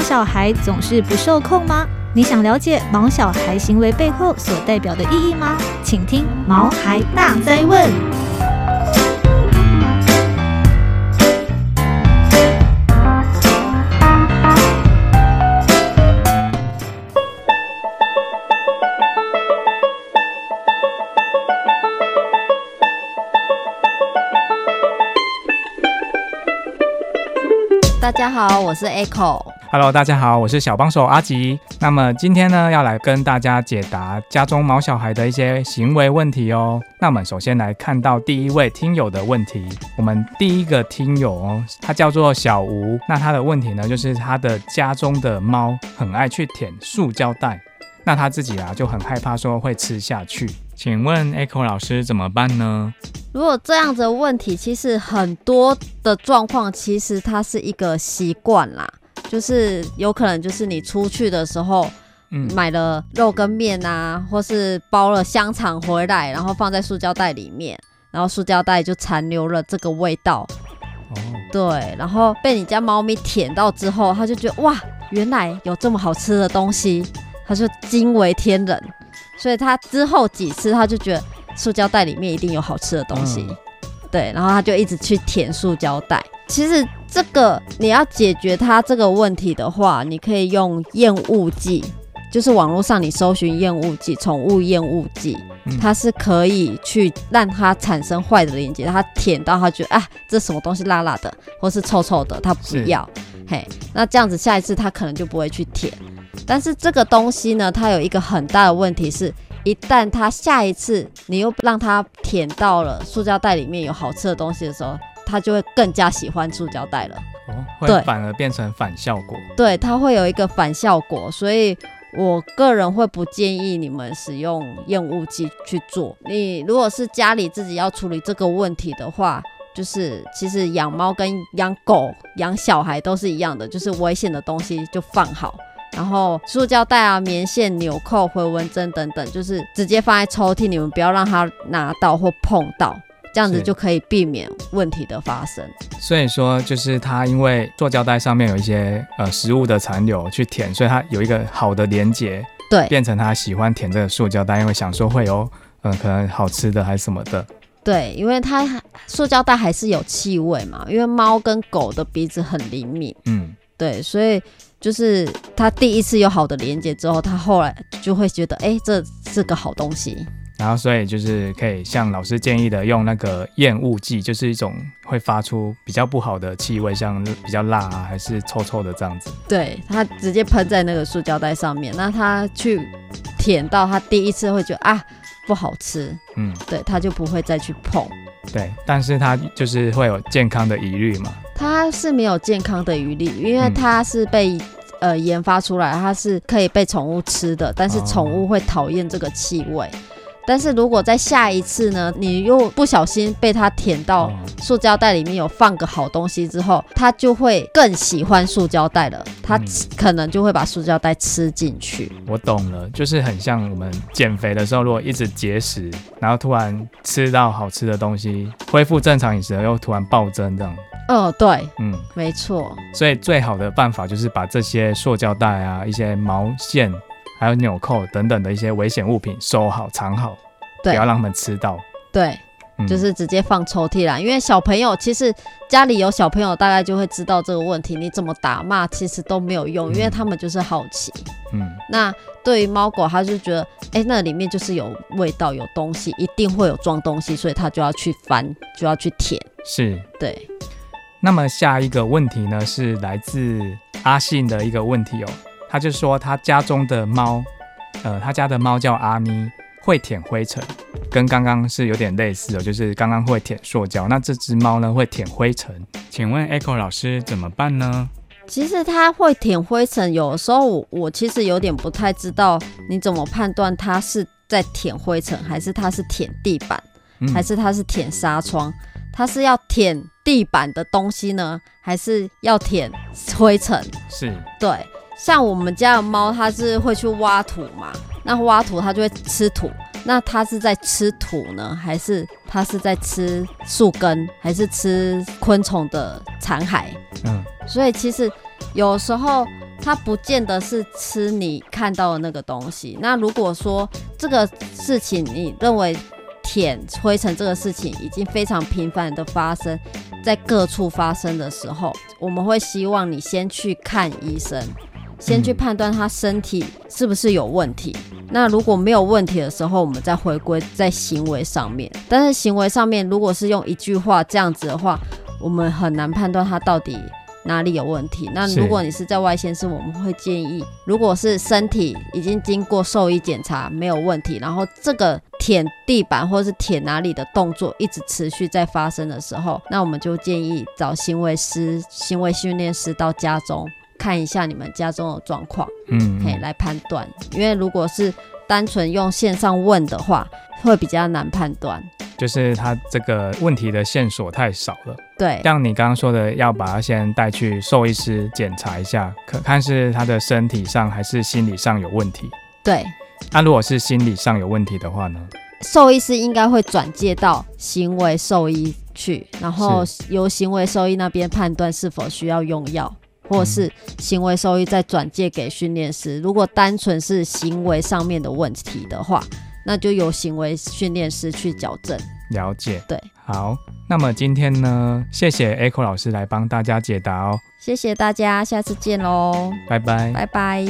毛小孩總是不受控嗎？你想了解毛小孩行為背後所代表的意義嗎？請聽《毛孩大哉問》大哉問。大家好，我是 Echo。Hello，大家好，我是小幫手阿吉。那麼今天呢，要來跟大家解答家中毛小孩的一些行為問題哦。那我們首先來看到第一位聽友的問題。我們第一個聽友哦，他叫做小吳。那他的問題呢，就是他的家中的貓很愛去舔塑膠袋，那他自己啊就很害怕說會吃下去。請問 Echo 老師怎麼辦呢？如果這樣子的問題，其實很多的狀況，其實它是一個習慣啦。就是有可能，就是你出去的時候，買了肉跟麵啊，嗯、或是包了香腸回來，然後放在塑膠袋裡面，然後塑膠袋就殘留了這個味道。哦。對，然後被你家貓咪舔到之後，他就覺得哇，原來有這麼好吃的東西，他就驚為天人。所以他之後幾次，他就覺得塑膠袋裡面一定有好吃的東西。嗯、對，然後他就一直去舔塑膠袋。其實。這個你要解決它這個問題的話，你可以用厭惡劑，就是網絡上你搜尋厭惡劑，寵物厭惡劑，它是可以去讓它產生壞的連接，它舔到它覺得啊，這什麼東西辣辣的，或是臭臭的，它不要。是嘿，那這樣子下一次它可能就不會去舔。但是這個東西呢，它有一個很大的問題是，一旦它下一次你又讓它舔到了塑膠袋裡面有好吃的東西的時候。它就會更加喜歡塑膠袋了，哦，會反而變成反效果對。對，它會有一個反效果，所以我個人會不建議你們使用厭惡劑去做。你如果是家裡自己要處理這個問題的話，就是其實養貓跟養狗、養小孩都是一樣的，就是危險的東西就放好，然後塑膠袋啊、棉線、紐扣、回紋針等等，就是直接放在抽屜，你們不要讓它拿到或碰到。這樣子就可以避免問題的發生。所以說，就是它因為塑膠袋上面有一些呃食物的殘留去舔，所以它有一個好的連接，對，變成它喜歡舔這個塑膠袋，因為想說會有嗯、呃、可能好吃的還是什麼的。對，因為它塑膠袋還是有氣味嘛，因為貓跟狗的鼻子很靈敏，嗯，對，所以就是它第一次有好的連接之後，它後來就會覺得哎、欸、這是個好東西。然後，所以就是可以像老師建議的，用那個厭惡劑，就是一種會發出比較不好的氣味，像比較辣啊，還是臭臭的這樣子。對，他直接噴在那個塑膠袋上面，那他去舔到，他第一次會覺得啊，不好吃，嗯，對，他就不會再去碰。對，但是他就是會有健康的疑慮嘛？他是沒有健康的疑慮，因為它是被、嗯、呃研發出來，它是可以被寵物吃的，但是寵物會討厭這個氣味。哦但是如果在下一次呢，你又不小心被它舔到，塑膠袋裡面有放個好東西之後，它、嗯、就會更喜歡塑膠袋了，它、嗯、可能就會把塑膠袋吃進去。我懂了，就是很像我們減肥的時候，如果一直節食，然後突然吃到好吃的東西，恢復正常飲食又突然暴增這樣。哦、嗯，對，嗯，沒錯。所以最好的辦法就是把這些塑膠袋啊，一些毛線。還有紐扣等等的一些危險物品，收好藏好，對不要讓他們吃到。對，嗯、就是直接放抽屜啦。因為小朋友，其實家裡有小朋友，大概就會知道這個問題。你怎麼打罵，其實都沒有用，嗯、因為他們就是好奇。嗯。那對於貓狗，他就覺得，哎、欸，那裡面就是有味道、有東西，一定會有裝東西，所以他就要去翻，就要去舔。是，對。那麼下一個問題呢，是來自阿信的一個問題哦、喔。他就說他家中的貓，呃，他家的貓叫阿咪，會舔灰塵，跟剛剛是有點類似的，就是剛剛會舔塑膠。那這隻貓呢，會舔灰塵？請問 Echo 老師怎麼辦呢？其實它會舔灰塵，有的時候我我其實有點不太知道，你怎麼判斷它是在舔灰塵，還是它是舔地板，嗯、還是它是舔紗窗？它是要舔地板的東西呢，還是要舔灰塵？是對。像我們家的貓，它是會去挖土嘛，那挖土它就會吃土。那它是在吃土呢？還是它是在吃樹根，還是吃昆蟲的殘骸？嗯。所以其實有時候它不見得是吃你看到的那個東西。那如果說這個事情你認為舔灰塵這個事情已經非常頻繁地發生，在各處發生的時候，我們會希望你先去看醫生。先去判斷他身體是不是有問題，嗯、那如果沒有問題的時候，我們再回歸在行為上面。但是行為上面，如果是用一句話這樣子的話，我們很難判斷他到底哪裡有問題。那如果你是在外先生，是我們會建議，如果是身體已經經過獸醫檢查沒有問題，然後這個舔地板或是舔哪裡的動作一直持續在發生的時候，那我們就建議找行為師、行為訓練師到家中，看一下你們家中的狀況，嗯、嗯，可以來判斷。因為如果是單純用線上問的話，會比較難判斷。就是他這個問題的線索太少了。對，像你剛剛說的，要把他先帶去獸醫師檢查一下，可看是他的身體上還是心理上有問題。對。那如果是心理上有問題的話呢，獸醫師應該會轉介到行為獸醫去，然後由行為獸醫那邊判斷是否需要用藥，或是行為收益，再轉借給訓練師，嗯、如果單純是行為上面的問題的話，那就由行為訓練師去矯正。了解，對，好，那麼今天呢，謝謝 Echo 老師來幫大家解答哦、喔，謝謝大家，下次見嘍，拜拜，拜拜。